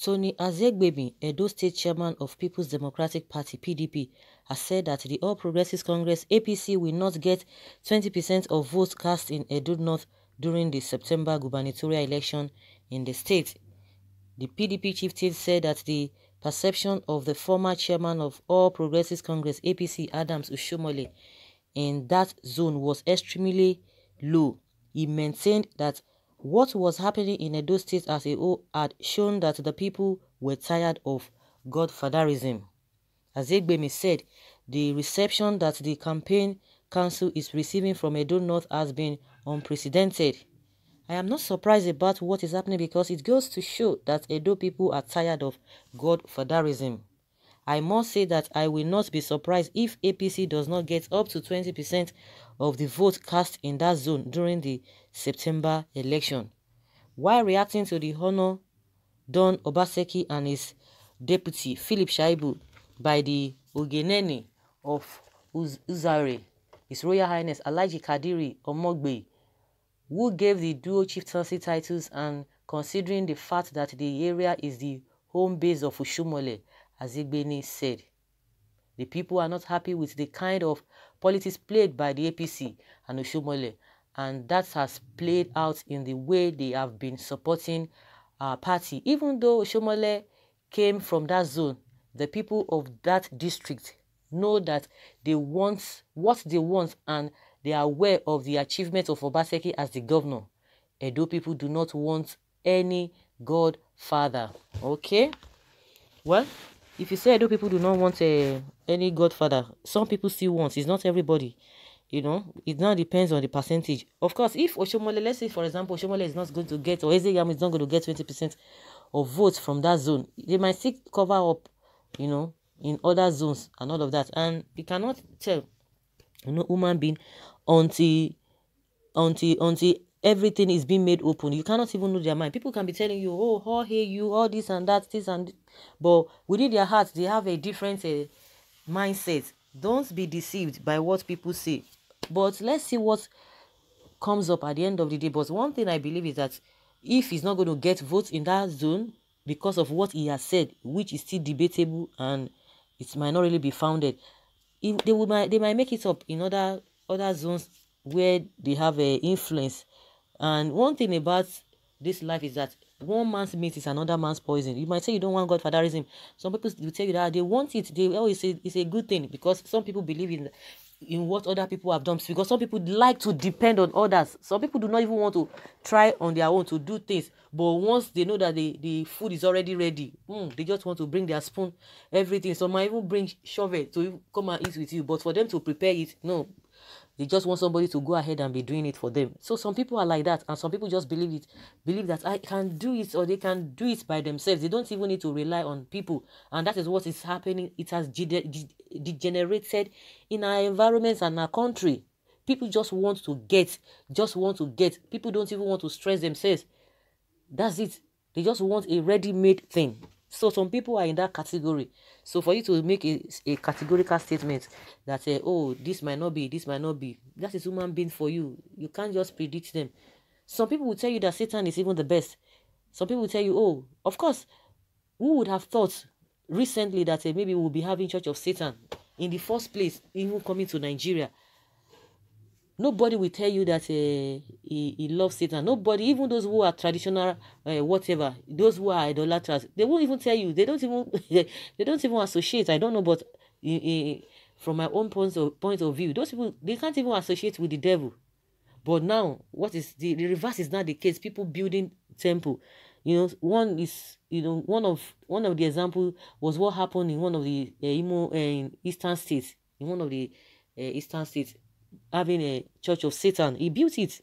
Tony Azegbemi, Edo State Chairman of People's Democratic Party (PDP), has said that the All Progressives Congress (APC) will not get 20% of votes cast in Edo North during the September gubernatorial election in the state. The PDP chieftain said that the perception of the former chairman of All Progressives Congress (APC), Adams Ushomole, in that zone was extremely low. He maintained that what was happening in Edo State as a whole had shown that the people were tired of godfatherism. As Egbemi said, the reception that the campaign council is receiving from Edo North has been unprecedented. I am not surprised about what is happening because it goes to show that Edo people are tired of godfatherism. I must say that I will not be surprised if APC does not get up to 20% of the vote cast in that zone during the September election. While reacting to the honor done Obaseki and his deputy Philip Shaibu by the Ogeneni of Uz Uzare, His Royal Highness Alaji Kadiri Omogbe, who gave the duo chieftaincy titles and considering the fact that the area is the home base of Ushumole, as said, the people are not happy with the kind of politics played by the APC and Oshomole, and that has played out in the way they have been supporting our party. Even though Oshomole came from that zone, the people of that district know that they want what they want and they are aware of the achievement of Obaseki as the governor. Edo people do not want any godfather. Okay? Well, if you say Edo people do not want uh, any godfather, some people still want. It's not everybody. You know, it now depends on the percentage. Of course, if Oshomole, let's say for example, Oshomole is not going to get, or Ezeyam is not going to get 20% of votes from that zone, they might seek cover up, you know, in other zones and all of that. And you cannot tell, you know, human being until, until, until everything is being made open. You cannot even know their mind. People can be telling you, oh, how hey, you, all this and that, this and this. But within their hearts, they have a different uh, mindset. Don't be deceived by what people say. But let's see what comes up at the end of the day. But one thing I believe is that if he's not going to get votes in that zone because of what he has said, which is still debatable and it might not really be founded, if they would might they might make it up in other other zones where they have a eh, influence And one thing about this life is that one man's meat is another man's poison. You might say you don't want Godfatherism. Some people will tell you that they want it. They always say it's a good thing because some people believe in in what other people have done because some people like to depend on others. Some people do not even want to try on their own to do things. But once they know that the, the food is already ready, mm, they just want to bring their spoon, everything. Some might even bring shovel to come and eat with you. But for them to prepare it, no, They just want somebody to go ahead and be doing it for them. So some people are like that, and some people just believe it, believe that I can do it or they can do it by themselves. They don't even need to rely on people, and that is what is happening. It has degenerated in our environments and our country. People just want to get, just want to get. People don't even want to stress themselves. That's it. They just want a ready-made thing. So some people are in that category. So for you to make a, a categorical statement that say, eh, oh, this might not be, this might not be, that is human being for you. You can't just predict them. Some people will tell you that Satan is even the best. Some people will tell you, oh, of course, who would have thought recently that uh, maybe we'll be having Church of Satan in the first place, even coming to Nigeria? Nobody will tell you that uh, he, he loves it, and Nobody, even those who are traditional, uh, whatever, those who are idolaters, they won't even tell you. They don't even they don't even associate. I don't know, but uh, from my own point of point of view, those people they can't even associate with the devil. But now, what is the, the reverse is not the case. People building temple, you know, one is you know one of one of the example was what happened in one of the uh, Imo, uh, in eastern states, in one of the uh, eastern states, having a church of Satan. He built it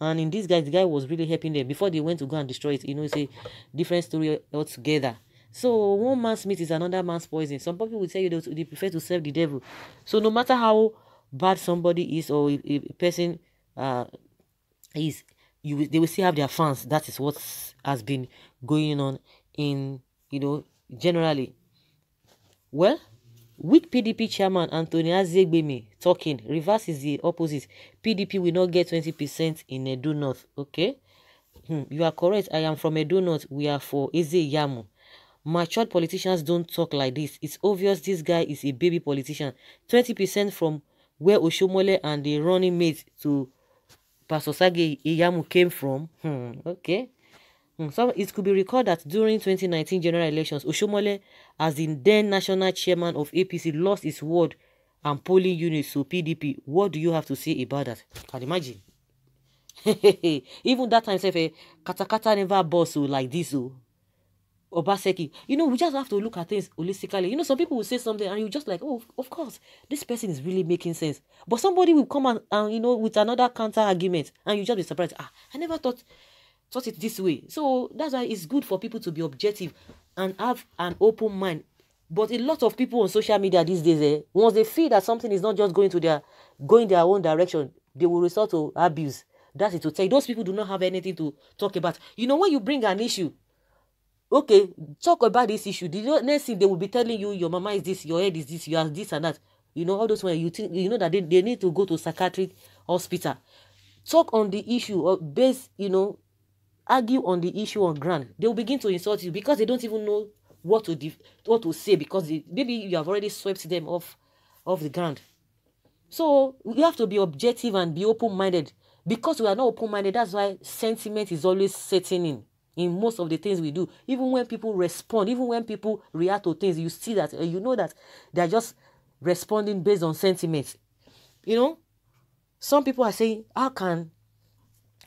and in this guy, the guy was really helping them. Before they went to go and destroy it, you know, it's a different story altogether. So one man's meat is another man's poison. Some people will tell you they, they prefer to serve the devil. So no matter how bad somebody is or a, a person uh, is, you they will still have their fans. That is what has been going on in you know generally. Well, Weak PDP chairman Anthony Azegbemi talking. Reverse is the opposite. PDP will not get 20% in Edo North. Okay? Hmm, you are correct. I am from Edo North. We are for Eze Yamu. Matured politicians don't talk like this. It's obvious this guy is a baby politician. 20% from where Oshomole and the running mate to Pastor Sage came from. Hmm, okay. Hmm, so it could be recalled that during 2019 general elections, Oshomole, as the then national chairman of APC, lost his word and polling units to PDP. What do you have to say about that? Can you imagine? Even that time, say, eh, Katakata never boss oh, like this. Oh. Obaseki. You know, we just have to look at things holistically. You know, some people will say something and you just like, oh, of course, this person is really making sense. But somebody will come and, and you know, with another counter argument and you just be surprised. Ah, I never thought taught it this way. So that's why it's good for people to be objective and have an open mind. But a lot of people on social media these days, eh, once they feel that something is not just going to their going their own direction, they will resort to abuse. That's it to say. Those people do not have anything to talk about. You know, when you bring an issue, okay, talk about this issue. The next thing they will be telling you, your mama is this, your head is this, you are this and that. You know, all those when you think you know that they, they need to go to psychiatric hospital. Talk on the issue or uh, base, you know, argue on the issue on ground, they will begin to insult you because they don't even know what to def- what to say because they, maybe you have already swept them off off the ground. So we have to be objective and be open-minded. Because we are not open-minded, that's why sentiment is always setting in in most of the things we do. Even when people respond, even when people react to things, you see that you know that they're just responding based on sentiment. You know, some people are saying, "How can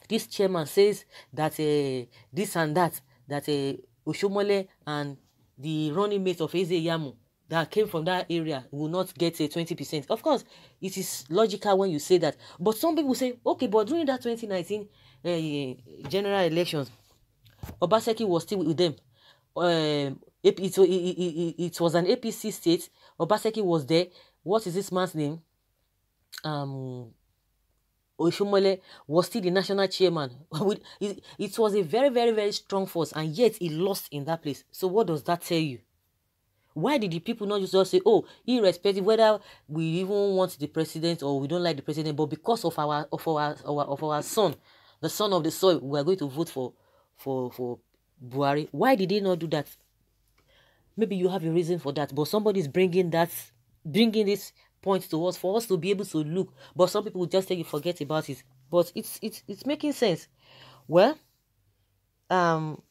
this chairman says that uh, this and that, that uh, Oshomole and the running mate of Eze Yamu that came from that area will not get a 20%. Of course, it is logical when you say that. But some people say, okay, but during that 2019 uh, eh, general elections, Obaseki was still with them. Um, it, it, it, it, was an APC state. Obaseki was there. What is this man's name? Um, Oshumole was still the national chairman. it was a very, very, very strong force, and yet he lost in that place. So what does that tell you? Why did the people not just say, oh, irrespective whether we even want the president or we don't like the president, but because of our of our, our of our son, the son of the soil, we are going to vote for for for Buhari. Why did they not do that? Maybe you have a reason for that, but somebody's bringing that, bringing this point to us for us to be able to look. But some people just say you forget about it. But it's it's it's making sense. Well, um,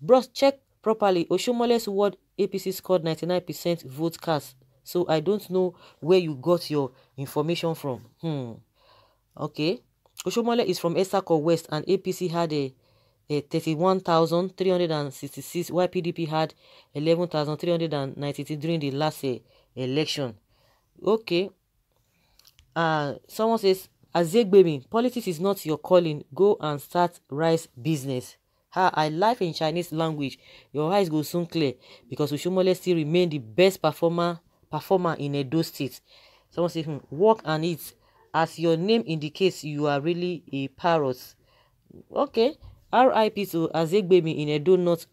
bros, check properly. Oshomole's word APC scored 99% vote cast. So I don't know where you got your information from. Hmm. Okay. Oshomole is from Esako West and APC had a, a 31,366 while PDP had 11,393 during the last uh, election. Okay. Uh, someone says, baby, politics is not your calling. Go and start rice business. Ha, I live in Chinese language. Your eyes go soon clear because Ushumole still remain the best performer performer in do State. Someone says, hmm, work and eat. As your name indicates, you are really a parrot. Okay. RIP to baby in a not.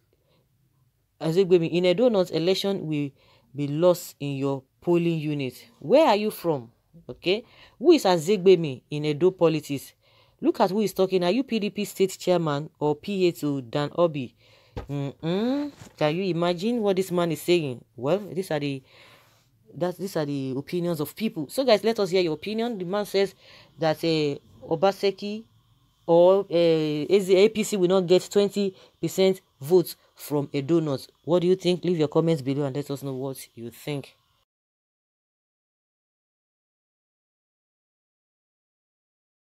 Azeg baby in do not election we be lost in your polling unit. Where are you from? Okay. Who is Azegbemi in Edo politics? Look at who is talking. Are you PDP state chairman or PA to Dan Obi? Mm -mm. Can you imagine what this man is saying? Well, these are the that these are the opinions of people. So, guys, let us hear your opinion. The man says that uh, Obaseki or uh, APC will not get 20% votes from a donut. What do you think? Leave your comments below and let us know what you think.